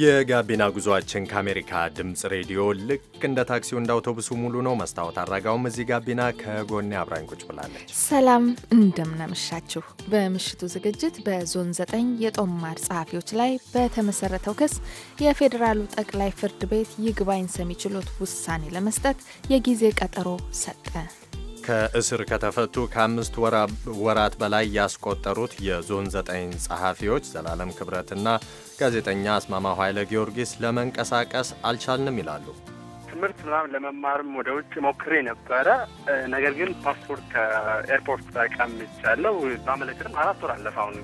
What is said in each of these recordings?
የጋቢና ጉዞአችን ከአሜሪካ ድምፅ ሬዲዮ ልክ እንደ ታክሲው እንደ አውቶቡሱ ሙሉ ነው። መስታወት አድራጋውም እዚህ ጋቢና ከጎኔ አብራኝ ቁጭ ብላለች። ሰላም እንደምናመሻችሁ። በምሽቱ ዝግጅት በዞን ዘጠኝ የጦማር ጸሐፊዎች ላይ በተመሰረተው ክስ የፌዴራሉ ጠቅላይ ፍርድ ቤት ይግባኝ ሰሚ ችሎት ውሳኔ ለመስጠት የጊዜ ቀጠሮ ሰጠ። ከእስር ከተፈቱ ከአምስት ወራት በላይ ያስቆጠሩት የዞን ዘጠኝ ጸሐፊዎች ዘላለም ክብረትና ጋዜጠኛ አስማማው ኃይለ ጊዮርጊስ ለመንቀሳቀስ አልቻልንም ይላሉ። ትምህርት ምናምን ለመማርም ወደ ውጭ ሞክሬ ነበረ። ነገር ግን ፓስፖርት ከኤርፖርት ተቀምቻለሁ። ማመለከትም አራት ወር አለፈ። አሁን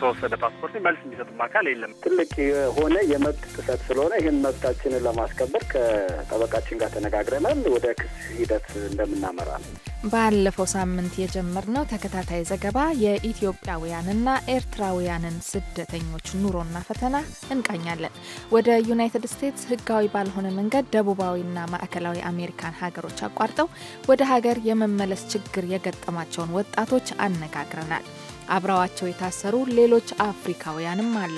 ተወሰደ ፓስፖርት መልስ የሚሰጥም አካል የለም። ትልቅ የሆነ የመብት ጥሰት ስለሆነ ይህን መብታችንን ለማስከበር ከጠበቃችን ጋር ተነጋግረናል። ወደ ክስ ሂደት እንደምናመራ ነው። ባለፈው ሳምንት የጀመርነው ተከታታይ ዘገባ የኢትዮጵያውያንና ኤርትራውያንን ስደተኞች ኑሮና ፈተና እንቃኛለን። ወደ ዩናይትድ ስቴትስ ህጋዊ ባልሆነ መንገድ ደቡባዊ ደቡባዊና ማዕከላዊ አሜሪካን ሀገሮች አቋርጠው ወደ ሀገር የመመለስ ችግር የገጠማቸውን ወጣቶች አነጋግረናል። አብረዋቸው የታሰሩ ሌሎች አፍሪካውያንም አሉ።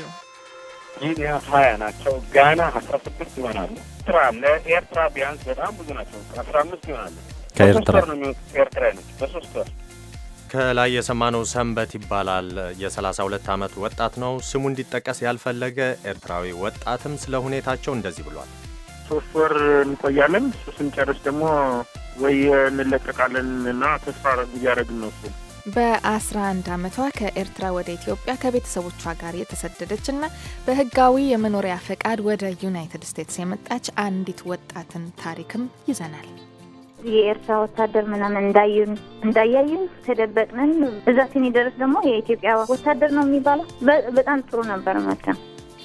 ኬንያ ሀያ ናቸው። ጋና አስራ ስድስት ይሆናሉ። ኤርትራ ለኤርትራ ቢያንስ በጣም ብዙ ናቸው። አስራ አምስት ይሆናሉ። ከኤርትራ ነው ኤርትራ ነች በሶስት ወር ከላይ የሰማነው ሰንበት ይባላል። የ32 ዓመት ወጣት ነው። ስሙ እንዲጠቀስ ያልፈለገ ኤርትራዊ ወጣትም ስለ ሁኔታቸው እንደዚህ ብሏል። ሶስት ወር እንቆያለን። እሱ ስንጨርስ ደግሞ ወይ እንለቀቃለን እና ተስፋ እያደረግን ነው በአስራ አንድ 11 ዓመቷ ከኤርትራ ወደ ኢትዮጵያ ከቤተሰቦቿ ጋር የተሰደደች የተሰደደችና በህጋዊ የመኖሪያ ፈቃድ ወደ ዩናይትድ ስቴትስ የመጣች አንዲት ወጣትን ታሪክም ይዘናል። የኤርትራ ወታደር ምናምን እንዳዩን እንዳያዩን ተደበቅንን። እዛ ሲኒደርስ ደግሞ የኢትዮጵያ ወታደር ነው የሚባለው። በጣም ጥሩ ነበር መቸም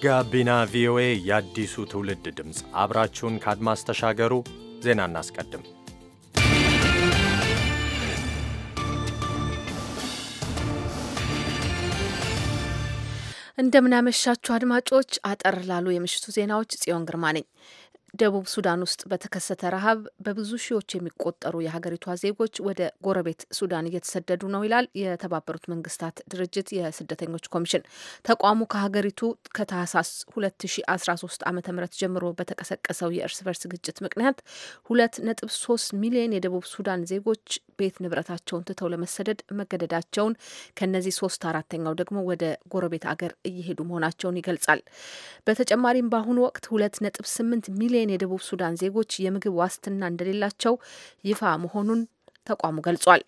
ጋቢና ቪኦኤ የአዲሱ ትውልድ ድምፅ፣ አብራችሁን ከአድማስ ተሻገሩ። ዜና እናስቀድም። እንደምናመሻችሁ አድማጮች፣ አጠር ላሉ የምሽቱ ዜናዎች ጽዮን ግርማ ነኝ። ደቡብ ሱዳን ውስጥ በተከሰተ ረሃብ በብዙ ሺዎች የሚቆጠሩ የሀገሪቷ ዜጎች ወደ ጎረቤት ሱዳን እየተሰደዱ ነው ይላል የተባበሩት መንግስታት ድርጅት የስደተኞች ኮሚሽን። ተቋሙ ከሀገሪቱ ከታህሳስ 2013 ዓ ም ጀምሮ በተቀሰቀሰው የእርስ በርስ ግጭት ምክንያት 2.3 ሚሊዮን የደቡብ ሱዳን ዜጎች ቤት ንብረታቸውን ትተው ለመሰደድ መገደዳቸውን፣ ከነዚህ ሶስት አራተኛው ደግሞ ወደ ጎረቤት አገር እየሄዱ መሆናቸውን ይገልጻል። በተጨማሪም በአሁኑ ወቅት 2.8 ሚሊዮን ሚሊዮን የደቡብ ሱዳን ዜጎች የምግብ ዋስትና እንደሌላቸው ይፋ መሆኑን ተቋሙ ገልጿል።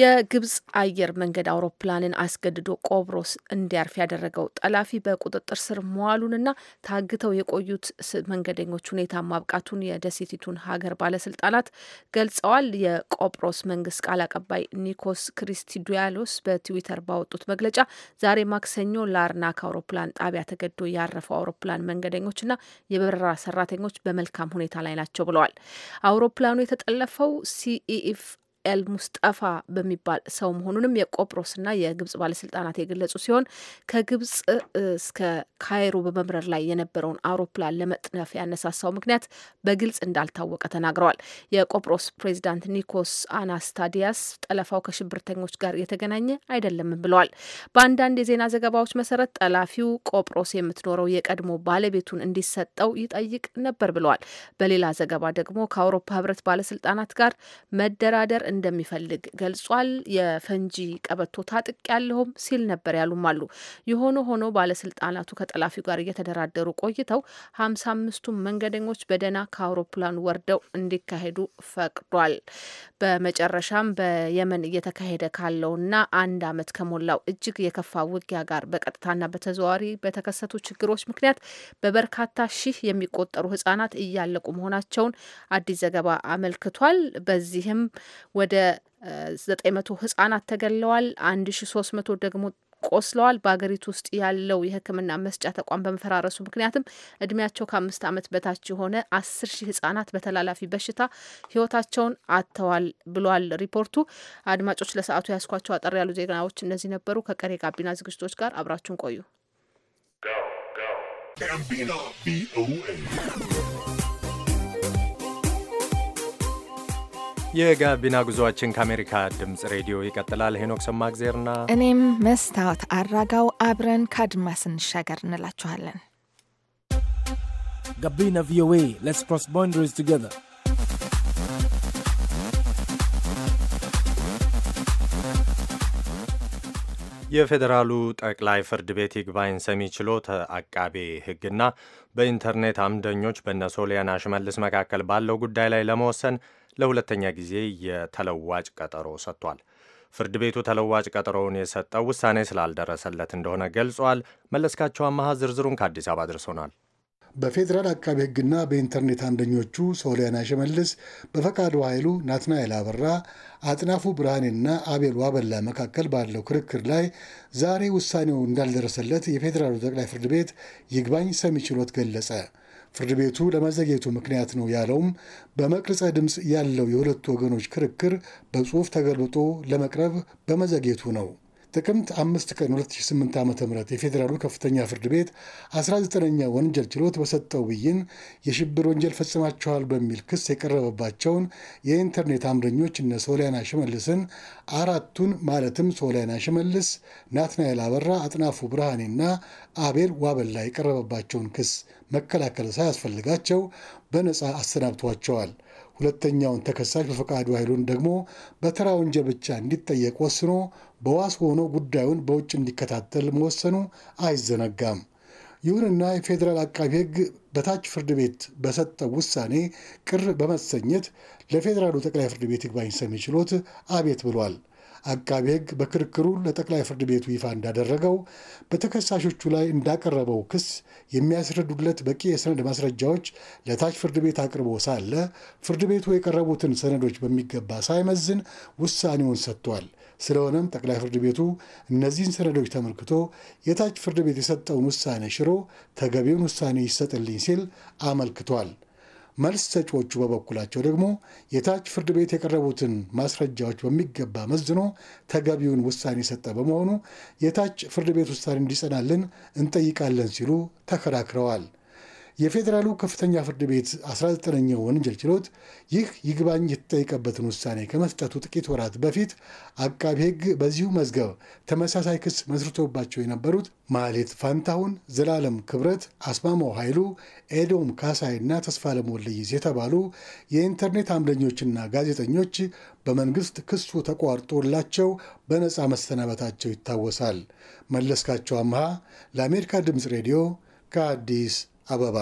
የግብጽ አየር መንገድ አውሮፕላንን አስገድዶ ቆብሮስ እንዲያርፍ ያደረገው ጠላፊ በቁጥጥር ስር መዋሉንና ታግተው የቆዩት መንገደኞች ሁኔታ ማብቃቱን የደሴቲቱን ሀገር ባለስልጣናት ገልጸዋል። የቆጵሮስ መንግስት ቃል አቀባይ ኒኮስ ክሪስቲዲያሎስ በትዊተር ባወጡት መግለጫ ዛሬ ማክሰኞ ላርናክ አውሮፕላን ጣቢያ ተገዶ ያረፈው አውሮፕላን መንገደኞችና የበረራ ሰራተኞች በመልካም ሁኔታ ላይ ናቸው ብለዋል። አውሮፕላኑ የተጠለፈው ሲኢኤፍ ኤል በሚባል ሰው መሆኑንም የቆጵሮስና የግብጽ ባለስልጣናት የገለጹ ሲሆን ከግብጽ እስከ ካይሮ በመብረር ላይ የነበረውን አውሮፕላን ለመጥነፍ ያነሳሳው ምክንያት በግልጽ እንዳልታወቀ ተናግረዋል። የቆጵሮስ ፕሬዚዳንት ኒኮስ አናስታዲያስ ጠለፋው ከሽብርተኞች ጋር የተገናኘ አይደለም ብለዋል። በአንዳንድ የዜና ዘገባዎች መሰረት ጠላፊው ቆጵሮስ የምትኖረው የቀድሞ ባለቤቱን እንዲሰጠው ይጠይቅ ነበር ብለዋል። በሌላ ዘገባ ደግሞ ከአውሮፓ ህብረት ባለስልጣናት ጋር መደራደር እንደሚፈልግ ገልጿል። የፈንጂ ቀበቶ ታጥቅ ያለሁም ሲል ነበር ያሉም አሉ። የሆነ ሆኖ ባለስልጣናቱ ከጠላፊው ጋር እየተደራደሩ ቆይተው ሀምሳ አምስቱም መንገደኞች በደህና ከአውሮፕላን ወርደው እንዲካሄዱ ፈቅዷል። በመጨረሻም በየመን እየተካሄደ ካለውና አንድ አመት ከሞላው እጅግ የከፋ ውጊያ ጋር በቀጥታና በተዘዋዋሪ በተከሰቱ ችግሮች ምክንያት በበርካታ ሺህ የሚቆጠሩ ህጻናት እያለቁ መሆናቸውን አዲስ ዘገባ አመልክቷል። በዚህም ወደ 900 ህጻናት ተገለዋል። 1300 ደግሞ ቆስለዋል። በሀገሪቱ ውስጥ ያለው የሕክምና መስጫ ተቋም በመፈራረሱ ምክንያትም እድሜያቸው ከአምስት ዓመት በታች የሆነ አስር ሺህ ህጻናት በተላላፊ በሽታ ህይወታቸውን አጥተዋል ብሏል ሪፖርቱ። አድማጮች ለሰዓቱ ያስኳቸው አጠር ያሉ ዜናዎች እነዚህ ነበሩ። ከቀሪ ጋቢና ዝግጅቶች ጋር አብራችሁን ቆዩ። የጋቢና ጉዞአችን ከአሜሪካ ድምፅ ሬዲዮ ይቀጥላል። ሄኖክ ሰማግዜርና እኔም መስታወት አራጋው አብረን ከአድማስ እንሻገር እንላችኋለን። ጋቢና ቪኦኤ ሌትስ ክሮስ ቦንደሪስ ቱጌዘር የፌዴራሉ ጠቅላይ ፍርድ ቤት ይግባኝ ሰሚ ችሎት አቃቤ ሕግና በኢንተርኔት አምደኞች በነ ሶሊያና ሽመልስ መካከል ባለው ጉዳይ ላይ ለመወሰን ለሁለተኛ ጊዜ የተለዋጭ ቀጠሮ ሰጥቷል። ፍርድ ቤቱ ተለዋጭ ቀጠሮውን የሰጠው ውሳኔ ስላልደረሰለት እንደሆነ ገልጿል። መለስካቸው አማሃ ዝርዝሩን ከአዲስ አበባ አድርሶናል። በፌዴራል አቃቢ ሕግና በኢንተርኔት አንደኞቹ ሶሊያና ሽመልስ፣ በፈቃዱ ኃይሉ፣ ናትናኤል አበራ፣ አጥናፉ ብርሃኔና አቤል ዋበላ መካከል ባለው ክርክር ላይ ዛሬ ውሳኔው እንዳልደረሰለት የፌዴራሉ ጠቅላይ ፍርድ ቤት ይግባኝ ሰሚ ችሎት ገለጸ። ፍርድ ቤቱ ለመዘግየቱ ምክንያት ነው ያለውም በመቅረጸ ድምፅ ያለው የሁለቱ ወገኖች ክርክር በጽሑፍ ተገልብጦ ለመቅረብ በመዘግየቱ ነው። ጥቅምት አምስት ቀን 2008 ዓ ም የፌዴራሉ ከፍተኛ ፍርድ ቤት 19ኛ ወንጀል ችሎት በሰጠው ብይን የሽብር ወንጀል ፈጽማችኋል በሚል ክስ የቀረበባቸውን የኢንተርኔት አምረኞች እነ ሶሊያና ሽመልስን አራቱን ማለትም ሶሊያና ሽመልስ፣ ናትናኤል አበራ፣ አጥናፉ ብርሃኔና አቤል ዋበላ የቀረበባቸውን ክስ መከላከል ሳያስፈልጋቸው በነፃ አሰናብቷቸዋል። ሁለተኛውን ተከሳሽ በፈቃዱ ኃይሉን ደግሞ በተራ ወንጀል ብቻ እንዲጠየቅ ወስኖ በዋስ ሆኖ ጉዳዩን በውጭ እንዲከታተል መወሰኑ አይዘነጋም። ይሁንና የፌዴራል አቃቢ ሕግ በታች ፍርድ ቤት በሰጠው ውሳኔ ቅር በመሰኘት ለፌዴራሉ ጠቅላይ ፍርድ ቤት ይግባኝ ሰሚ ችሎት አቤት ብሏል። አቃቤ ሕግ በክርክሩ ለጠቅላይ ፍርድ ቤቱ ይፋ እንዳደረገው በተከሳሾቹ ላይ እንዳቀረበው ክስ የሚያስረዱለት በቂ የሰነድ ማስረጃዎች ለታች ፍርድ ቤት አቅርቦ ሳለ ፍርድ ቤቱ የቀረቡትን ሰነዶች በሚገባ ሳይመዝን ውሳኔውን ሰጥቷል። ስለሆነም ጠቅላይ ፍርድ ቤቱ እነዚህን ሰነዶች ተመልክቶ የታች ፍርድ ቤት የሰጠውን ውሳኔ ሽሮ ተገቢውን ውሳኔ ይሰጥልኝ ሲል አመልክቷል። መልስ ሰጪዎቹ በበኩላቸው ደግሞ የታች ፍርድ ቤት የቀረቡትን ማስረጃዎች በሚገባ መዝኖ ተገቢውን ውሳኔ የሰጠ በመሆኑ የታች ፍርድ ቤት ውሳኔ እንዲጸናልን እንጠይቃለን ሲሉ ተከራክረዋል። የፌዴራሉ ከፍተኛ ፍርድ ቤት 19ኛው ወንጀል ችሎት ይህ ይግባኝ የተጠየቀበትን ውሳኔ ከመስጠቱ ጥቂት ወራት በፊት አቃቢ ሕግ በዚሁ መዝገብ ተመሳሳይ ክስ መስርቶባቸው የነበሩት ማሌት ፋንታሁን፣ ዘላለም ክብረት፣ አስማማው ኃይሉ፣ ኤዶም ካሳይና ተስፋለም ወልደየስ የተባሉ የኢንተርኔት አምደኞችና ጋዜጠኞች በመንግስት ክሱ ተቋርጦላቸው በነፃ መሰናበታቸው ይታወሳል። መለስካቸው አምሃ ለአሜሪካ ድምፅ ሬዲዮ ከአዲስ አበባ።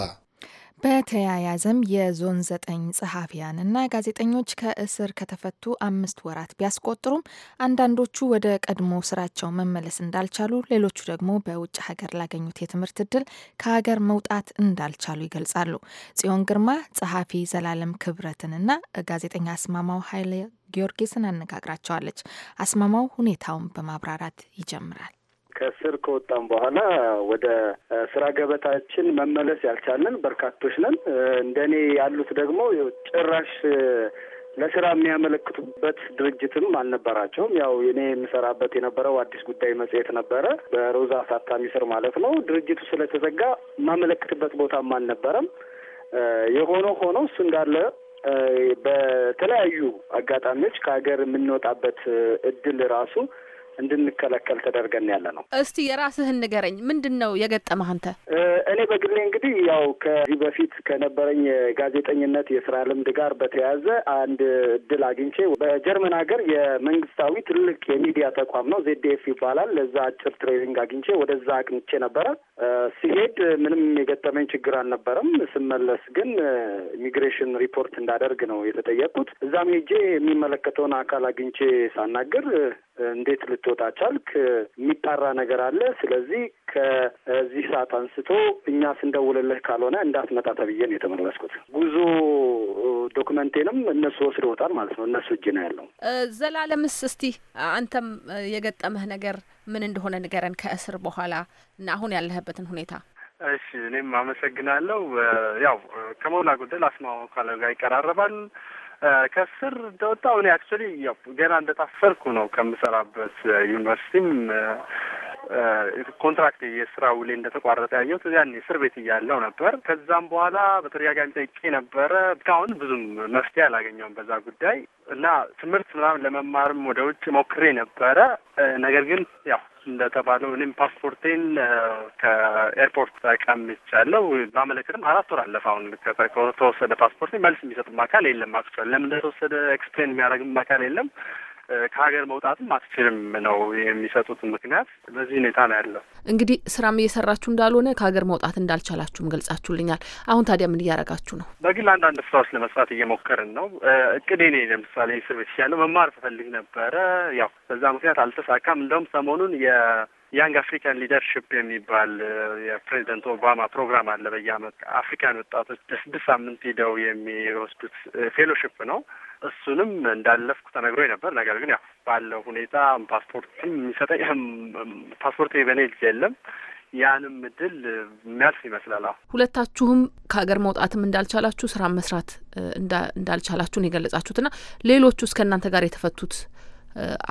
በተያያዘም የዞን ዘጠኝ ጸሐፊያንና ጋዜጠኞች ከእስር ከተፈቱ አምስት ወራት ቢያስቆጥሩም አንዳንዶቹ ወደ ቀድሞ ስራቸው መመለስ እንዳልቻሉ፣ ሌሎቹ ደግሞ በውጭ ሀገር ላገኙት የትምህርት እድል ከሀገር መውጣት እንዳልቻሉ ይገልጻሉ። ጽዮን ግርማ ጸሐፊ ዘላለም ክብረትንና ጋዜጠኛ አስማማው ኃይለ ጊዮርጊስን አነጋግራቸዋለች። አስማማው ሁኔታውን በማብራራት ይጀምራል። ከእስር ከወጣን በኋላ ወደ ስራ ገበታችን መመለስ ያልቻለን በርካቶች ነን። እንደኔ ያሉት ደግሞ ጭራሽ ለስራ የሚያመለክቱበት ድርጅትም አልነበራቸውም። ያው እኔ የምሰራበት የነበረው አዲስ ጉዳይ መጽሔት ነበረ፣ በሮዛ አሳታሚ ስር ማለት ነው። ድርጅቱ ስለተዘጋ የማመለክትበት ቦታም አልነበረም። የሆነ ሆኖ እሱ እንዳለ በተለያዩ አጋጣሚዎች ከሀገር የምንወጣበት እድል ራሱ እንድንከለከል ተደርገን ያለ ነው። እስቲ የራስህን ንገረኝ። ምንድን ነው የገጠመህ አንተ? እኔ በግሌ እንግዲህ ያው ከዚህ በፊት ከነበረኝ የጋዜጠኝነት የስራ ልምድ ጋር በተያያዘ አንድ እድል አግኝቼ በጀርመን ሀገር የመንግስታዊ ትልቅ የሚዲያ ተቋም ነው ዜድኤፍ ይባላል። ለዛ አጭር ትሬኒንግ አግኝቼ ወደዛ አቅንቼ ነበረ። ሲሄድ ምንም የገጠመኝ ችግር አልነበረም። ስመለስ ግን ኢሚግሬሽን ሪፖርት እንዳደርግ ነው የተጠየቅኩት። እዛም ሄጄ የሚመለከተውን አካል አግኝቼ ሳናግር እንዴት ልትወጣ ቻልክ? የሚጣራ ነገር አለ። ስለዚህ ከዚህ ሰዓት አንስቶ እኛ ስንደውልልህ ካልሆነ እንዳትመጣ ተብዬ ነው የተመለስኩት። ጉዞ ዶክመንቴንም እነሱ ወስደውታል ማለት ነው። እነሱ እጅ ነው ያለው። ዘላለምስ፣ እስቲ አንተም የገጠመህ ነገር ምን እንደሆነ ንገረን፣ ከእስር በኋላ እና አሁን ያለህበትን ሁኔታ። እሺ፣ እኔም አመሰግናለው። ያው ከሞላ ጎደል አስማማው ካለው ጋር ይቀራረባል። ከስር እንደወጣሁ እኔ አክቹዋሊ ገና እንደታሰርኩ ነው ከምሰራበት ዩኒቨርሲቲም ኮንትራክት የስራ ውሌ እንደተቋረጠ ያየሁት ያኔ እስር ቤት እያለሁ ነበር። ከዛም በኋላ በተደጋጋሚ ጠይቄ ነበረ። እስካሁን ብዙም መፍትሄ አላገኘውም በዛ ጉዳይ እና ትምህርት ምናምን ለመማርም ወደ ውጭ ሞክሬ ነበረ። ነገር ግን ያው እንደተባለው እኔም ፓስፖርቴን ከኤርፖርት ተቀምቻለሁ። ባመለከትም አራት ወር አለፈ። አሁን ከተወሰደ ፓስፖርቴ መልስ የሚሰጥም አካል የለም። አክቹዋሊ ለምን እንደተወሰደ ኤክስፕሌን የሚያደርግም አካል የለም። ከሀገር መውጣትም አትችልም ነው የሚሰጡት ምክንያት። በዚህ ሁኔታ ነው ያለው። እንግዲህ ስራም እየሰራችሁ እንዳልሆነ ከሀገር መውጣት እንዳልቻላችሁም ገልጻችሁልኛል። አሁን ታዲያ ምን እያደረጋችሁ ነው? በግል አንዳንድ ስራዎች ለመስራት እየሞከርን ነው። እቅዴ እኔ ለምሳሌ እስር ቤት ያለው መማር ፈልግ ነበረ። ያው በዛ ምክንያት አልተሳካም። እንደውም ሰሞኑን የ ያንግ አፍሪካን ሊደርሽፕ የሚባል የፕሬዚደንት ኦባማ ፕሮግራም አለ። በየአመት አፍሪካን ወጣቶች ለስድስት ሳምንት ሂደው የሚወስዱት ፌሎሽፕ ነው። እሱንም እንዳለፍኩ ተነግሮኝ ነበር። ነገር ግን ያው ባለው ሁኔታ ፓስፖርትም የሚሰጠኝ ፓስፖርት በኔ እጅ የለም። ያንም እድል የሚያልፍ ይመስላል። አሁ ሁለታችሁም ከሀገር መውጣትም እንዳልቻላችሁ ስራ መስራት እንዳልቻላችሁ ነው የገለጻችሁት። ና ሌሎቹ እስከ እናንተ ጋር የተፈቱት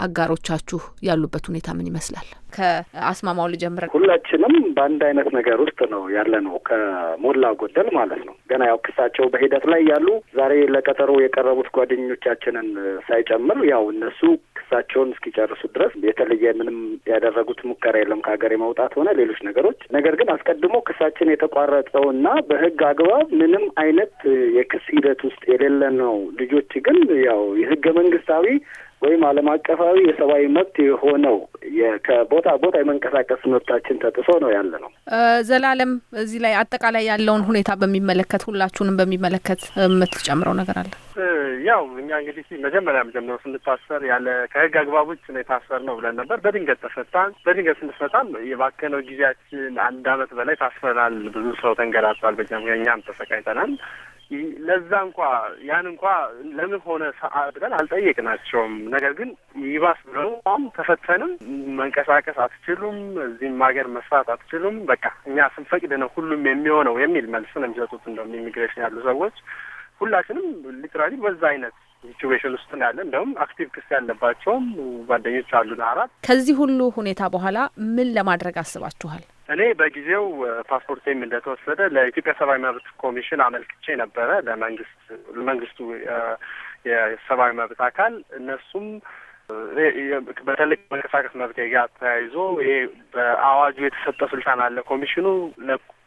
አጋሮቻችሁ ያሉበት ሁኔታ ምን ይመስላል? ከአስማማው ልጀምር። ሁላችንም በአንድ አይነት ነገር ውስጥ ነው ያለ ነው ከሞላ ጎደል ማለት ነው። ገና ያው ክሳቸው በሂደት ላይ ያሉ ዛሬ ለቀጠሮ የቀረቡት ጓደኞቻችንን ሳይጨምር ያው እነሱ ክሳቸውን እስኪጨርሱ ድረስ የተለየ ምንም ያደረጉት ሙከራ የለም ከሀገር የመውጣት ሆነ ሌሎች ነገሮች። ነገር ግን አስቀድሞ ክሳችን የተቋረጠው እና በህግ አግባብ ምንም አይነት የክስ ሂደት ውስጥ የሌለ ነው። ልጆች ግን ያው የህገ መንግስታዊ ወይም ዓለም አቀፋዊ የሰብአዊ መብት የሆነው ከቦታ ቦታ የመንቀሳቀስ መብታችን ተጥሶ ነው ያለ ነው። ዘላለም እዚህ ላይ አጠቃላይ ያለውን ሁኔታ በሚመለከት ሁላችሁንም በሚመለከት የምትጨምረው ነገር አለ? ያው እኛ እንግዲህ መጀመሪያም ጀምሮ ስንታሰር ያለ ከህግ አግባቦች ነው የታሰር ነው ብለን ነበር። በድንገት ተፈታን። በድንገት ስንፈታም የባከነው ጊዜያችን አንድ አመት በላይ ታስፈናል። ብዙ ሰው ተንገላቷል። በዚያ እኛም ተሰቃይተናል። ለዛ እንኳ ያን እንኳ ለምን ሆነ ሰዓት ብለን አልጠየቅናቸውም። ነገር ግን ይባስ ብለው ተፈተንም፣ መንቀሳቀስ አትችሉም፣ እዚህም ሀገር መስራት አትችሉም፣ በቃ እኛ ስንፈቅድ ነው ሁሉም የሚሆነው የሚል መልስ ነው የሚሰጡት እንደውም ኢሚግሬሽን ያሉ ሰዎች ሁላችንም ሊትራሊ በዛ አይነት ኢንኩቤሽን ውስጥ ያለ እንደውም አክቲቭ ክስ ያለባቸውም ጓደኞች አሉ አራት። ከዚህ ሁሉ ሁኔታ በኋላ ምን ለማድረግ አስባችኋል? እኔ በጊዜው ፓስፖርቴም እንደተወሰደ ለኢትዮጵያ ሰብአዊ መብት ኮሚሽን አመልክቼ ነበረ ለመንግስት መንግስቱ የሰብአዊ መብት አካል እነሱም በተለይ መንቀሳቀስ መብት ጋር ተያይዞ ይሄ በአዋጁ የተሰጠ ስልጣን አለ ኮሚሽኑ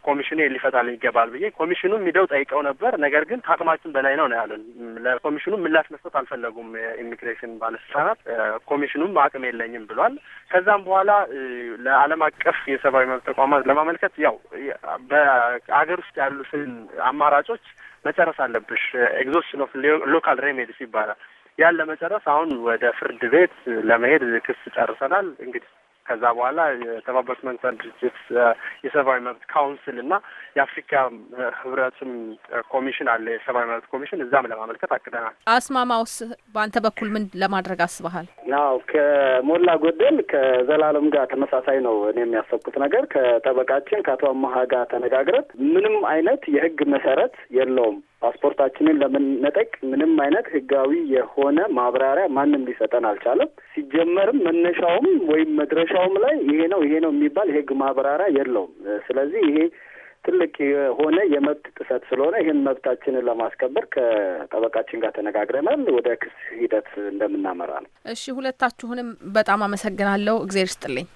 ኮሚሽኑ ሊፈታልን ይገባል ብዬ ኮሚሽኑም ሂደው ጠይቀው ነበር። ነገር ግን ከአቅማችን በላይ ነው ነው ያሉን። ለኮሚሽኑ ምላሽ መስጠት አልፈለጉም የኢሚግሬሽን ባለስልጣናት። ኮሚሽኑም አቅም የለኝም ብሏል። ከዛም በኋላ ለዓለም አቀፍ የሰብአዊ መብት ተቋማት ለማመልከት ያው በአገር ውስጥ ያሉትን አማራጮች መጨረስ አለብሽ ኤግዞስሽን ኦፍ ሎካል ሬሜዲስ ይባላል። ያን ለመጨረስ አሁን ወደ ፍርድ ቤት ለመሄድ ክስ ጨርሰናል። እንግዲህ ከዛ በኋላ የተባበሩት መንግስታት ድርጅት የሰብአዊ መብት ካውንስል እና የአፍሪካ ህብረትም ኮሚሽን አለ፣ የሰብአዊ መብት ኮሚሽን እዛም ለማመልከት አቅደናል። አስማማውስ በአንተ በኩል ምን ለማድረግ አስበሃል? አዎ ከሞላ ጎደል ከዘላለም ጋር ተመሳሳይ ነው። እኔ የሚያሰብኩት ነገር ከጠበቃችን ከአቶ አማሀ ጋር ተነጋግረት ምንም አይነት የህግ መሰረት የለውም ፓስፖርታችንን ለመነጠቅ ምንም አይነት ህጋዊ የሆነ ማብራሪያ ማንም ሊሰጠን አልቻለም። ሲጀመርም መነሻውም ወይም መድረሻውም ላይ ይሄ ነው ይሄ ነው የሚባል የህግ ማብራሪያ የለውም። ስለዚህ ይሄ ትልቅ የሆነ የመብት ጥሰት ስለሆነ ይህን መብታችንን ለማስከበር ከጠበቃችን ጋር ተነጋግረናል። ወደ ክስ ሂደት እንደምናመራ ነው። እሺ፣ ሁለታችሁንም በጣም አመሰግናለሁ። እግዜር ስጥልኝ።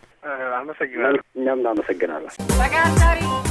አመሰግናለሁ። እኛም እናመሰግናለን።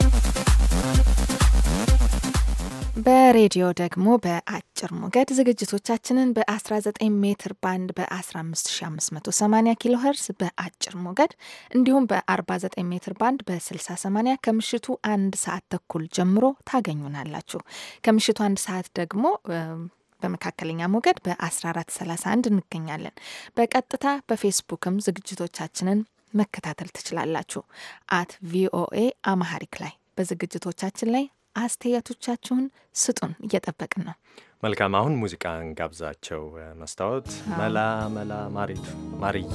በሬዲዮ ደግሞ በአጭር ሞገድ ዝግጅቶቻችንን በ19 ሜትር ባንድ በ15580 ኪሎ ሄርስ በአጭር ሞገድ እንዲሁም በ49 ሜትር ባንድ በ6080 ከምሽቱ አንድ ሰዓት ተኩል ጀምሮ ታገኙናላችሁ። ከምሽቱ አንድ ሰዓት ደግሞ በመካከለኛ ሞገድ በ1431 እንገኛለን። በቀጥታ በፌስቡክም ዝግጅቶቻችንን መከታተል ትችላላችሁ። አት ቪኦኤ አማሃሪክ ላይ በዝግጅቶቻችን ላይ አስተያየቶቻችሁን ስጡን፣ እየጠበቅን ነው። መልካም፣ አሁን ሙዚቃን ጋብዛቸው። መስታወት መላ መላ ማሪቱ ማርዬ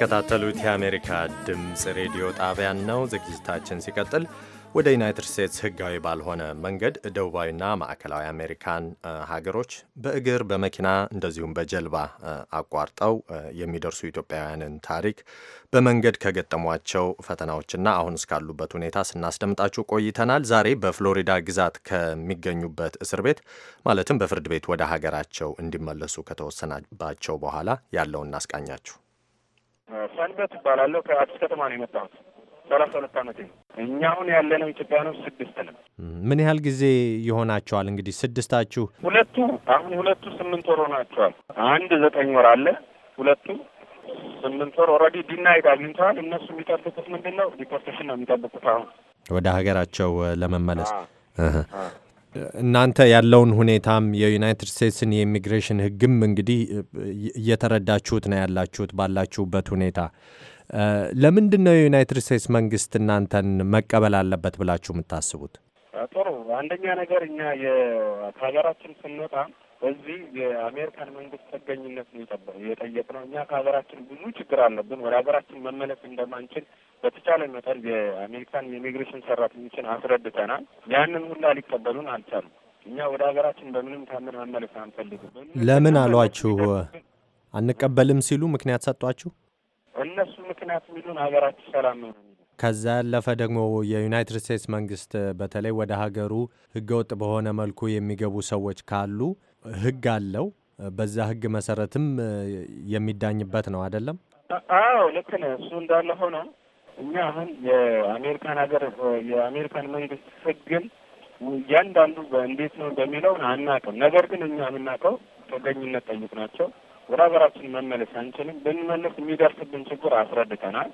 የምትከታተሉት የአሜሪካ ድምፅ ሬዲዮ ጣቢያን ነው። ዝግጅታችን ሲቀጥል ወደ ዩናይትድ ስቴትስ ሕጋዊ ባልሆነ መንገድ ደቡባዊና ማዕከላዊ አሜሪካን ሀገሮች በእግር በመኪና እንደዚሁም በጀልባ አቋርጠው የሚደርሱ ኢትዮጵያውያንን ታሪክ በመንገድ ከገጠሟቸው ፈተናዎችና አሁን እስካሉበት ሁኔታ ስናስደምጣችሁ ቆይተናል። ዛሬ በፍሎሪዳ ግዛት ከሚገኙበት እስር ቤት ማለትም በፍርድ ቤት ወደ ሀገራቸው እንዲመለሱ ከተወሰናባቸው በኋላ ያለውን እናስቃኛችሁ። ሰንበት እባላለሁ። ከአዲስ ከተማ ነው የመጣሁት። ሰላሳ ሁለት ዓመቴ ነው። እኛ አሁን ያለነው ነው ስድስት ነው። ምን ያህል ጊዜ ይሆናቸዋል? እንግዲህ ስድስታችሁ። ሁለቱ አሁን ሁለቱ ስምንት ወር ሆናቸዋል። አንድ ዘጠኝ ወር አለ። ሁለቱ ስምንት ወር ኦልሬዲ ዲና አግኝተዋል። እነሱ የሚጠብቁት ምንድን ነው? ዲፖርቴሽን ነው የሚጠብቁት አሁን ወደ ሀገራቸው ለመመለስ እናንተ ያለውን ሁኔታም የዩናይትድ ስቴትስን የኢሚግሬሽን ሕግም እንግዲህ እየተረዳችሁት ነው ያላችሁት ባላችሁበት ሁኔታ። ለምንድን ነው የዩናይትድ ስቴትስ መንግስት እናንተን መቀበል አለበት ብላችሁ የምታስቡት? ጥሩ አንደኛ ነገር እኛ ከሀገራችን ስንወጣ እዚህ የአሜሪካን መንግስት ጥገኝነት ነው። እኛ ከሀገራችን ብዙ ችግር አለብን፣ ወደ ሀገራችን መመለስ እንደማንችል በተቻለ መጠን የአሜሪካን የኢሚግሬሽን ሰራተኞችን አስረድተናል። ያንን ሁላ ሊቀበሉን አልቻሉም። እኛ ወደ ሀገራችን በምንም ታምር መመለስ አንፈልግም። ለምን አሏችሁ? አንቀበልም ሲሉ ምክንያት ሰጧችሁ? እነሱ ምክንያት የሚሉን ሀገራችን ሰላም ነው። ከዛ ያለፈ ደግሞ የዩናይትድ ስቴትስ መንግስት በተለይ ወደ ሀገሩ ህገወጥ በሆነ መልኩ የሚገቡ ሰዎች ካሉ ህግ አለው። በዛ ህግ መሰረትም የሚዳኝበት ነው አይደለም? አዎ ልክ ነህ። እሱ እንዳለ ሆኖ እኛ አሁን የአሜሪካን ሀገር የአሜሪካን መንግስት ህግን እያንዳንዱ እንዴት ነው በሚለው አናውቅም። ነገር ግን እኛ የምናውቀው ጥገኝነት ጠይቅ ናቸው። ወደ ሀገራችን መመለስ አንችልም። ብንመለስ የሚደርስብን ችግር አስረድተናል።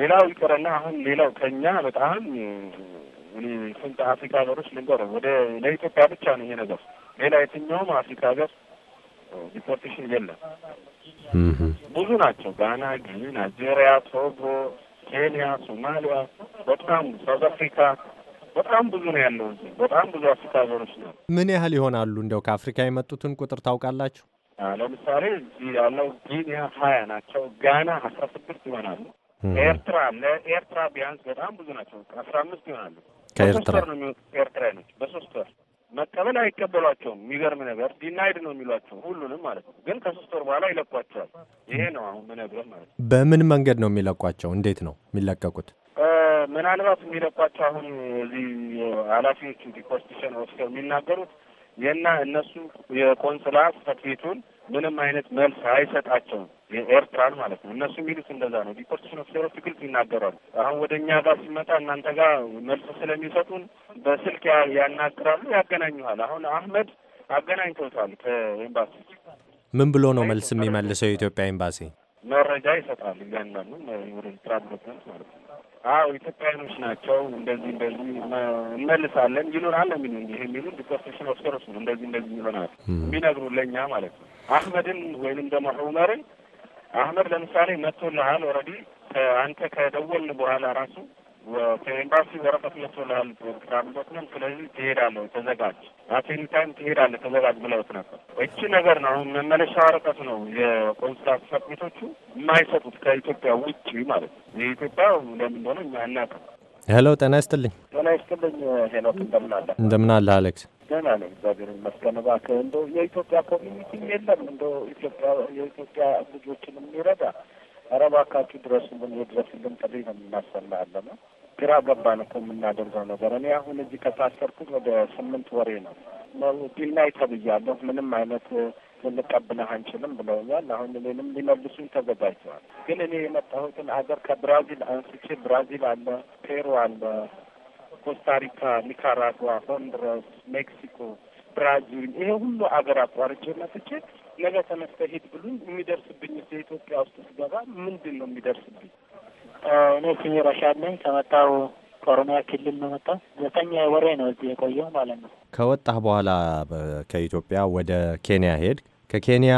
ሌላው ይቅርና አሁን ሌላው ከኛ በጣም ስንት አፍሪካ ሀገሮች ልንገርህ ወደ ለኢትዮጵያ ብቻ ነው ይሄ ነገር ሌላ የትኛውም አፍሪካ ሀገር ዲፖርቴሽን የለም። ብዙ ናቸው። ጋና፣ ጊኒ፣ ናይጄሪያ፣ ቶጎ፣ ኬንያ፣ ሶማሊያ፣ በጣም ሳውዝ አፍሪካ በጣም ብዙ ነው ያለው። በጣም ብዙ አፍሪካ ሀገሮች ነው። ምን ያህል ይሆናሉ? እንደው ከአፍሪካ የመጡትን ቁጥር ታውቃላችሁ? ለምሳሌ እዚህ ያለው ጊኒያ ሀያ ናቸው። ጋና አስራ ስድስት ይሆናሉ። ኤርትራ ለኤርትራ ቢያንስ በጣም ብዙ ናቸው። አስራ አምስት ይሆናሉ። ከኤርትራ ነው የሚወጡት። ኤርትራ ነች በሶስት ወር መቀበል አይቀበሏቸውም። የሚገርም ነገር ዲናይድ ነው የሚሏቸው ሁሉንም ማለት ነው። ግን ከሶስት ወር በኋላ ይለቋቸዋል። ይሄ ነው አሁን ምነግርህ ማለት ነው። በምን መንገድ ነው የሚለቋቸው? እንዴት ነው የሚለቀቁት? ምናልባት የሚለቋቸው አሁን እዚህ ኃላፊዎቹ ኮንስቲቱሽን ኦፊሰር የሚናገሩት የና እነሱ የቆንስላ ጽሕፈት ቤቱን ምንም አይነት መልስ አይሰጣቸውም የኤርትራን ማለት ነው። እነሱ የሚሉት እንደዛ ነው። ዲፖርቴሽን ኦፍ ሴሮ ግልጽ ይናገራሉ። አሁን ወደ እኛ ጋር ሲመጣ እናንተ ጋር መልስ ስለሚሰጡን በስልክ ያናግራሉ፣ ያገናኙሃል። አሁን አህመድ አገናኝተውታል ከኤምባሲ ምን ብሎ ነው መልስ የሚመልሰው? የኢትዮጵያ ኤምባሲ መረጃ ይሰጣል። እያንዳንዱ ወደ ኤርትራ ፕሬዚደንት ማለት ነው አዎ ኢትዮጵያውያኖች ናቸው እንደዚህ እንደዚህ እንመልሳለን ይሉናል። ለሚሉ ይህ የሚሉ ዲፖርቴሽን ኦፍ ሶርስ ነው እንደዚህ እንደዚህ ይሆናል የሚነግሩ ለእኛ ማለት ነው። አህመድን ወይንም ደግሞ ዑመርን አህመድ ለምሳሌ መጥቶልሃል ኦልሬዲ አንተ ከደወልን በኋላ ራሱ ከኤምባሲ ወረቀት መጥቶልሃል ግራብሎትነን ስለዚህ ትሄዳለህ፣ ተዘጋጅ አቴኒ ታይም ትሄዳለህ፣ ተዘጋጅ ብለውት ነበር። እቺ ነገር ነው አሁን መመለሻ ወረቀት ነው የቆንስላ ጽሕፈት ቤቶቹ የማይሰጡት ከኢትዮጵያ ውጭ ማለት ነው። የኢትዮጵያ ለምን እንደሆነ እኛ አናውቅም። ሄሎ፣ ጤና ይስጥልኝ። ጤና ይስጥልኝ ሄኖክ፣ እንደምን አለ? እንደምን አለ አሌክስ? ደህና ነኝ፣ እግዚአብሔር ይመስገን። እባክህ እንደው የኢትዮጵያ ኮሚኒቲም የለም እንደው ኢትዮጵያ የኢትዮጵያ ልጆችን የሚረዳ ኧረ እባካችሁ ድረሱልን፣ የድረሱልን ጥሪ ነው የምናሰላ ያለ ነው። ግራ ገባን እኮ የምናደርገው ነገር። እኔ አሁን እዚህ ከታሰርኩኝ ወደ ስምንት ወሬ ነው ዲናይ ተብያለሁ። ምንም አይነት ልንቀብልህ አንችልም ብለውኛል። አሁን እኔንም ሊመልሱኝ ተዘጋጅተዋል። ግን እኔ የመጣሁትን አገር ከብራዚል አንስቼ ብራዚል አለ፣ ፔሩ አለ፣ ኮስታሪካ፣ ኒካራጓ፣ ሆንድረስ፣ ሜክሲኮ፣ ብራዚል ይሄ ሁሉ አገር አቋርጬ መጥቼ ነገ ተነስተህ ሂድ ብሉኝ የሚደርስብኝ የኢትዮጵያ ውስጥ ስገባ ምንድን ነው የሚደርስብኝ? እኔ ረሻለኝ ከመጣሁ ከኦሮሚያ ክልል ነው መጣ። ዘጠኝ ወሬ ነው እዚህ የቆየው ማለት ነው። ከወጣህ በኋላ ከኢትዮጵያ ወደ ኬንያ ሄድ። ከኬንያ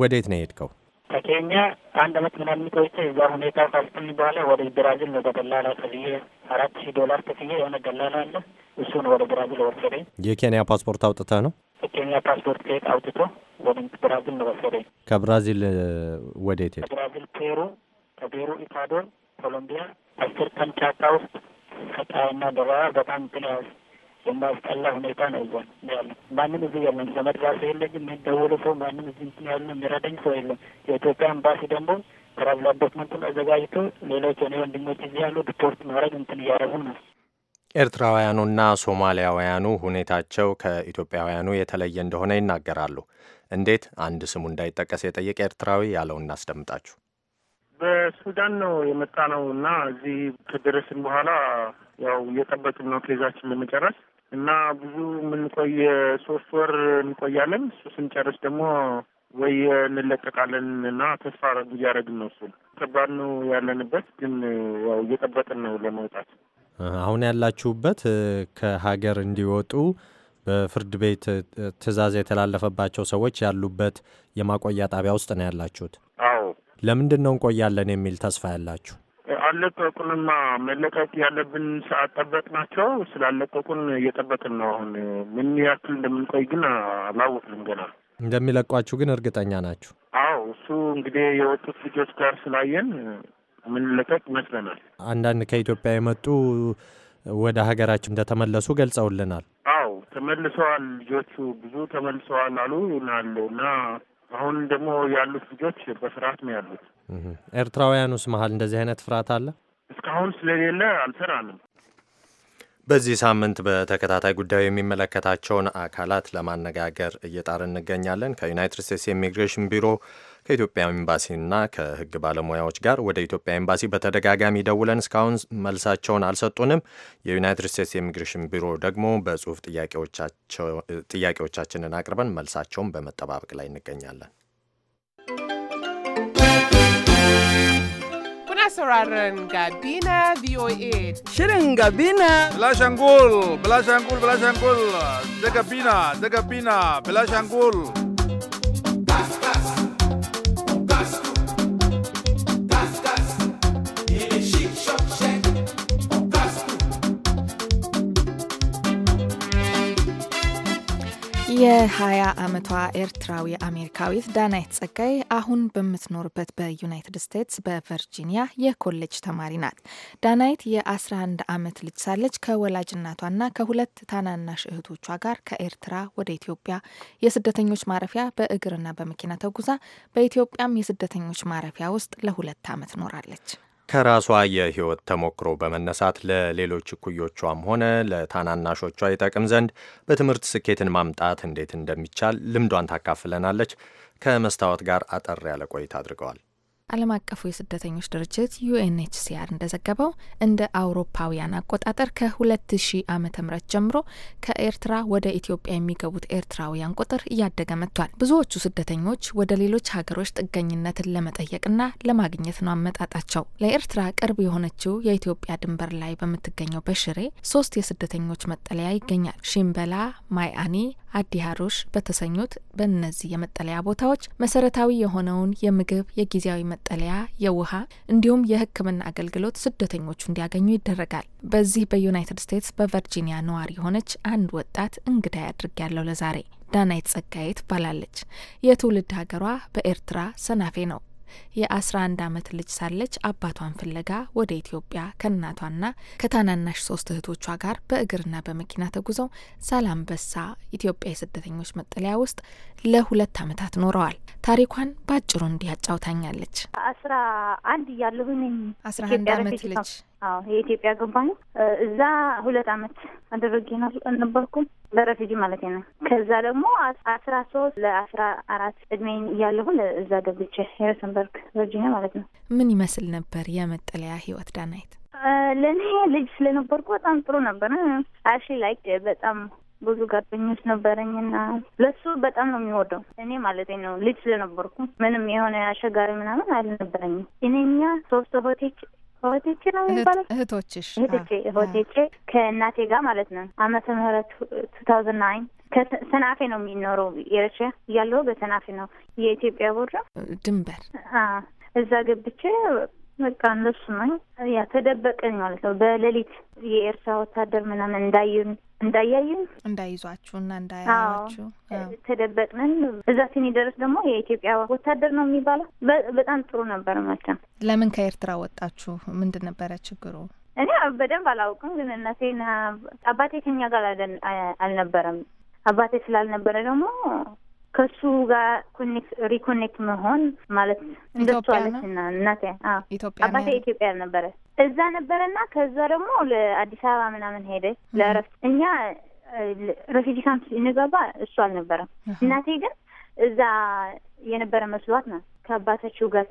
ወዴት ነው ሄድከው? ከኬንያ አንድ አመት ምናምን ቆይቼ እዛ ሁኔታ ካልትኝ በኋላ ወደ ብራዚል ነው በደላላ ከፍዬ አራት ሺህ ዶላር ከፍዬ የሆነ ደላላ አለ እሱን ወደ ብራዚል ወሰደኝ። የኬንያ ፓስፖርት አውጥተ ነው? የኬንያ ፓስፖርት ከየት አውጥቶ ወደ ብራዚል ነው ወሰደኝ። ከብራዚል ወዴት ሄድ? ከብራዚል ፔሩ፣ ከፔሩ ኢኳዶር፣ ኮሎምቢያ አስር ቀን ጫካ ውስጥ ከፀሐይና ደራ በጣም ጥላ የሚያስጠላ ሁኔታ ነው። እዛ ያለ ማንም እዚህ የለም። ዘመድ ሰው የለም። የሚደውሉ ሰው ማንም እዚህ እንትን ያለ የሚረዳኝ ሰው የለም። የኢትዮጵያ ኤምባሲ ደግሞ ትራቭል ዶክመንቱን አዘጋጅቶ ሌሎች እኔ ወንድሞች እዚህ ያሉ ዲፖርት ማድረግ እንትን እያደረጉን ነው። ኤርትራውያኑና ሶማሊያውያኑ ሁኔታቸው ከኢትዮጵያውያኑ የተለየ እንደሆነ ይናገራሉ። እንዴት አንድ ስሙ እንዳይጠቀስ የጠየቀ ኤርትራዊ ያለው እናስደምጣችሁ። በሱዳን ነው የመጣ ነው እና እዚህ ከደረስን በኋላ ያው እየጠበቅን ነው ኬዛችን ለመጨረስ እና ብዙ የምንቆየ ሶስት ወር እንቆያለን። እሱ ስንጨርስ ደግሞ ወይ እንለቀቃለን እና ተስፋ እያደረግን ነው። እሱ ከባድ ነው ያለንበት፣ ግን ያው እየጠበቅን ነው ለመውጣት። አሁን ያላችሁበት ከሀገር እንዲወጡ በፍርድ ቤት ትዕዛዝ የተላለፈባቸው ሰዎች ያሉበት የማቆያ ጣቢያ ውስጥ ነው ያላችሁት? ለምንድን ነው እንቆያለን የሚል ተስፋ ያላችሁ? አለቀቁንማ መለቀቅ ያለብን ሰዓት ናቸው። ስላለቀቁን እየጠበቅን ነው። አሁን ምን ያክል እንደምንቆይ ግን አላወቅንም ገና። እንደሚለቋችሁ ግን እርግጠኛ ናችሁ? አዎ፣ እሱ እንግዲህ የወጡት ልጆች ጋር ስላየን ምንለቀቅ ይመስለናል። አንዳንድ ከኢትዮጵያ የመጡ ወደ ሀገራችን እንደተመለሱ ገልጸውልናል። አዎ፣ ተመልሰዋል። ልጆቹ ብዙ ተመልሰዋል አሉ ናለው እና አሁን ደግሞ ያሉት ልጆች በፍርሃት ነው ያሉት። ኤርትራውያኑስ መሀል እንደዚህ አይነት ፍርሃት አለ? እስካሁን ስለሌለ አልሰራንም። በዚህ ሳምንት በተከታታይ ጉዳዩ የሚመለከታቸውን አካላት ለማነጋገር እየጣር እንገኛለን። ከዩናይትድ ስቴትስ የኢሚግሬሽን ቢሮ ከኢትዮጵያ ኤምባሲና ከሕግ ባለሙያዎች ጋር ወደ ኢትዮጵያ ኤምባሲ በተደጋጋሚ ደውለን እስካሁን መልሳቸውን አልሰጡንም። የዩናይትድ ስቴትስ የኢሚግሬሽን ቢሮ ደግሞ በጽሁፍ ጥያቄዎቻችንን አቅርበን መልሳቸውን በመጠባበቅ ላይ እንገኛለን። sauraron Gabina የ20 ዓመቷ ኤርትራዊ አሜሪካዊት ዳናይት ጸጋይ አሁን በምትኖርበት በዩናይትድ ስቴትስ በቨርጂኒያ የኮሌጅ ተማሪ ናት። ዳናይት የ11 ዓመት ልጅ ሳለች ከወላጅናቷ እናቷና ከሁለት ታናናሽ እህቶቿ ጋር ከኤርትራ ወደ ኢትዮጵያ የስደተኞች ማረፊያ በእግርና በመኪና ተጉዛ በኢትዮጵያም የስደተኞች ማረፊያ ውስጥ ለሁለት ዓመት ኖራለች። ከራሷ የህይወት ተሞክሮ በመነሳት ለሌሎች እኩዮቿም ሆነ ለታናናሾቿ ይጠቅም ዘንድ በትምህርት ስኬትን ማምጣት እንዴት እንደሚቻል ልምዷን ታካፍለናለች። ከመስታወት ጋር አጠር ያለ ቆይታ አድርገዋል። ዓለም አቀፉ የስደተኞች ድርጅት ዩኤንኤችሲአር እንደዘገበው እንደ አውሮፓውያን አቆጣጠር ከ2000 ዓመተ ምህረት ጀምሮ ከኤርትራ ወደ ኢትዮጵያ የሚገቡት ኤርትራውያን ቁጥር እያደገ መጥቷል። ብዙዎቹ ስደተኞች ወደ ሌሎች ሀገሮች ጥገኝነትን ለመጠየቅና ለማግኘት ነው አመጣጣቸው። ለኤርትራ ቅርብ የሆነችው የኢትዮጵያ ድንበር ላይ በምትገኘው በሽሬ ሶስት የስደተኞች መጠለያ ይገኛል። ሺምበላ፣ ማይአኒ፣ አዲሃሮሽ በተሰኙት በእነዚህ የመጠለያ ቦታዎች መሰረታዊ የሆነውን የምግብ የጊዜያዊ መጠለያ የውሃ እንዲሁም የሕክምና አገልግሎት ስደተኞቹ እንዲያገኙ ይደረጋል። በዚህ በዩናይትድ ስቴትስ በቨርጂኒያ ነዋሪ የሆነች አንድ ወጣት እንግዳ ያድርግ ያለው ለዛሬ ዳናይት ጸጋዬ ትባላለች። የትውልድ ሀገሯ በኤርትራ ሰናፌ ነው። የ11 ዓመት ልጅ ሳለች አባቷን ፍለጋ ወደ ኢትዮጵያ ከእናቷና ከታናናሽ ሶስት እህቶቿ ጋር በእግርና በመኪና ተጉዘው ዛላምበሳ ኢትዮጵያ የስደተኞች መጠለያ ውስጥ ለሁለት ዓመታት ኖረዋል። ታሪኳን በአጭሩ እንዲህ አጫውታኛለች። አስራ አንድ እያለሁኝ አስራ አንድ ዓመት ልጅ አዎ የኢትዮጵያ ገባኝ። እዛ ሁለት አመት አደረጌ ነበርኩም በረፊጂ ማለት ነው። ከዛ ደግሞ አስራ ሶስት ለአስራ አራት እድሜን እያለሁ እዛ ገብቼ ሄረሰንበርግ ቨርጂኒያ ማለት ነው። ምን ይመስል ነበር የመጠለያ ህይወት ዳናይት? ለእኔ ልጅ ስለነበርኩ በጣም ጥሩ ነበረ። አሺ ላይክ በጣም ብዙ ጓደኞች ነበረኝና ለሱ በጣም ነው የሚወደው። እኔ ማለት ነው ልጅ ስለነበርኩ ምንም የሆነ አሸጋሪ ምናምን አልነበረኝም። እኔኛ ሶስት እህቶች እህቶቼ ነው የሚባለው እህቶችሽ እህቶቼ እህቶቼ ከእናቴ ጋር ማለት ነው። አመተ ምህረት ቱ ታውዘንድ ናይን ከሰናፌ ነው የሚኖረው የረሸ እያለሁ በሰናፌ ነው የኢትዮጵያ ቦርዳ ድንበር እዛ ገብቼ በቃ እነሱ ነኝ። ያ ተደበቀኝ ማለት ነው። በሌሊት የኤርትራ ወታደር ምናምን እንዳዩን እንዳያዩን እንዳይዟችሁና እንዳያችሁ ተደበቅነን። እዛ ሲኒደረስ ደግሞ የኢትዮጵያ ወታደር ነው የሚባለው። በጣም ጥሩ ነበር ማለት ለምን ከኤርትራ ወጣችሁ? ምንድን ነበረ ችግሩ? እኔ በደንብ አላውቅም፣ ግን እናቴና አባቴ ከኛ ጋር አልነበረም። አባቴ ስላልነበረ ደግሞ ከሱ ጋር ሪኮኔክት መሆን ማለት እንደሱ አለችና እናቴ አባቴ ኢትዮጵያ ነበረ እዛ ነበረና ከዛ ደግሞ ለአዲስ አበባ ምናምን ሄደ ለእረፍት። እኛ ረፊጂ ካምፕ ስንገባ እሱ አልነበረም። እናቴ ግን እዛ የነበረ መስሏት ነው ከአባታችሁ ጋር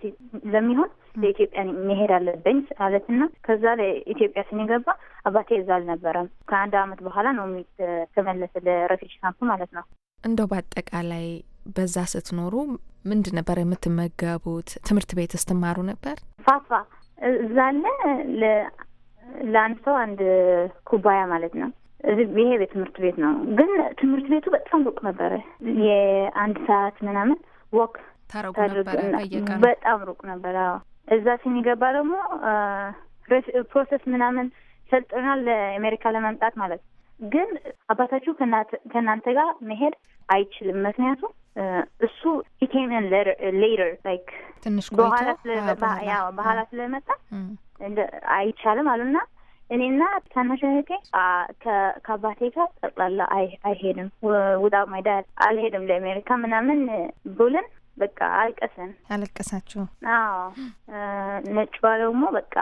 ለሚሆን ለኢትዮጵያ መሄድ አለብኝ አለትና ከዛ ለኢትዮጵያ ስንገባ አባቴ እዛ አልነበረም። ከአንድ አመት በኋላ ነው ተመለሰ ለረፊጂ ካምፕ ማለት ነው። እንደው በአጠቃላይ በዛ ስትኖሩ ምንድን ነበር የምትመገቡት? ትምህርት ቤት ስትማሩ ነበር? ፋፋ እዛለ ለአንድ ሰው አንድ ኩባያ ማለት ነው። ይሄ ትምህርት ቤት ነው፣ ግን ትምህርት ቤቱ በጣም ሩቅ ነበረ። የአንድ ሰዓት ምናምን ወክ በጣም ሩቅ ነበረ። እዛ ስንገባ ደግሞ ፕሮሰስ ምናምን ሰልጥናል ለአሜሪካ ለመምጣት ማለት ነው ግን አባታችሁ ከእናንተ ጋር መሄድ አይችልም። ምክንያቱም እሱ ኢኬመን ሌተር ላይክ ትንሽ በኋላ በኋላ ስለመጣ አይቻልም አሉና እኔና ታናሽ እህቴ ከአባቴ ጋር ጠቅላላ አይሄድም ውዳት ማይ አልሄድም ለአሜሪካ ምናምን ብሉን በቃ አልቀሰን አለቀሳችሁ? አዎ። ነጭዋ ደግሞ በቃ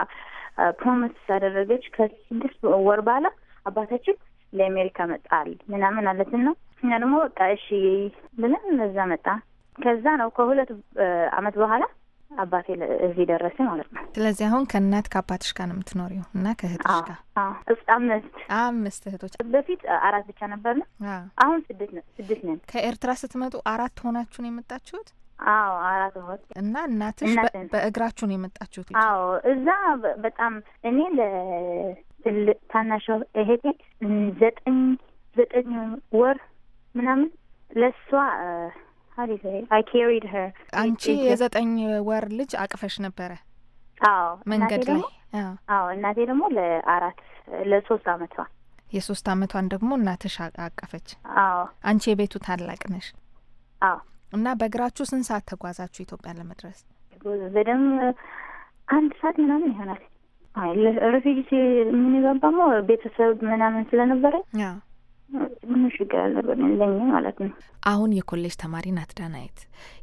ፕሮሚስ አደረገች ከስድስት ወር በኋላ አባታችን ለአሜሪካ መጣል ምናምን ነው። እኛ ደግሞ በቃ እሺ ብለን እዛ መጣ። ከዛ ነው ከሁለት አመት በኋላ አባቴ እዚህ ደረሰ ማለት ነው። ስለዚህ አሁን ከእናት ከአባትሽ ጋር ነው የምትኖሪው እና ከእህትሽ ጋር አምስት አምስት እህቶች። በፊት አራት ብቻ ነበር ነው አሁን ስድስት ስድስት ነን። ከኤርትራ ስትመጡ አራት ሆናችሁ ነው የመጣችሁት? አዎ አራት ሆት እና እናትሽ በእግራችሁ ነው የመጣችሁት? አዎ እዛ በጣም እኔ ታናሽ እህቴ ዘጠኝ ዘጠኝ ወር ምናምን ለእሷ አይ አንቺ የዘጠኝ ወር ልጅ አቅፈሽ ነበረ? አዎ። መንገድ ላይ አዎ። እናቴ ደግሞ ለአራት ለሶስት አመቷ የሶስት አመቷን ደግሞ እናትሽ አቀፈች። አዎ። አንቺ የቤቱ ታላቅ ነሽ? አዎ። እና በእግራችሁ ስንት ሰዓት ተጓዛችሁ ኢትዮጵያ ለመድረስ? በደምብ አንድ ሰዓት ምናምን ይሆናል። ለሬፊጂ የምንገባማ ቤተሰብ ምናምን ስለነበረ ምንሽ ይገላል ነበር ለኛ ማለት ነው። አሁን የኮሌጅ ተማሪ ናት ዳናይት።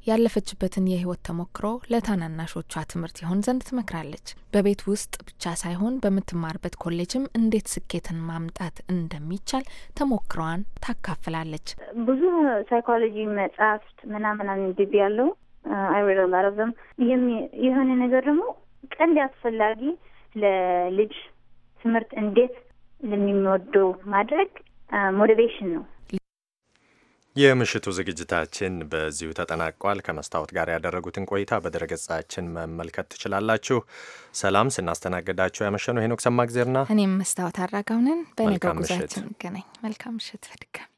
ያለፈችበትን የህይወት ተሞክሮ ለታናናሾቿ ትምህርት ይሆን ዘንድ ትመክራለች። በቤት ውስጥ ብቻ ሳይሆን በምትማርበት ኮሌጅም እንዴት ስኬትን ማምጣት እንደሚቻል ተሞክሯን ታካፍላለች። ብዙ ሳይኮሎጂ መጽሐፍት ምናምን አንብቤ ያለው አይ ሬድ አ ሎት ኦፍ ዘም የሆነ ነገር ደግሞ ቀንድ አስፈላጊ ለልጅ ትምህርት እንዴት ለሚወደው ማድረግ ሞቲቬሽን ነው። የምሽቱ ዝግጅታችን በዚሁ ተጠናቋል። ከመስታወት ጋር ያደረጉትን ቆይታ በድረገጻችን መመልከት ትችላላችሁ። ሰላም ስናስተናግዳችሁ ያመሸነው ሄኖክ ሰማግዜርና እኔም መስታወት አራጋውንን በነገ ጉዛችን እንገናኝ። መልካም ምሽት።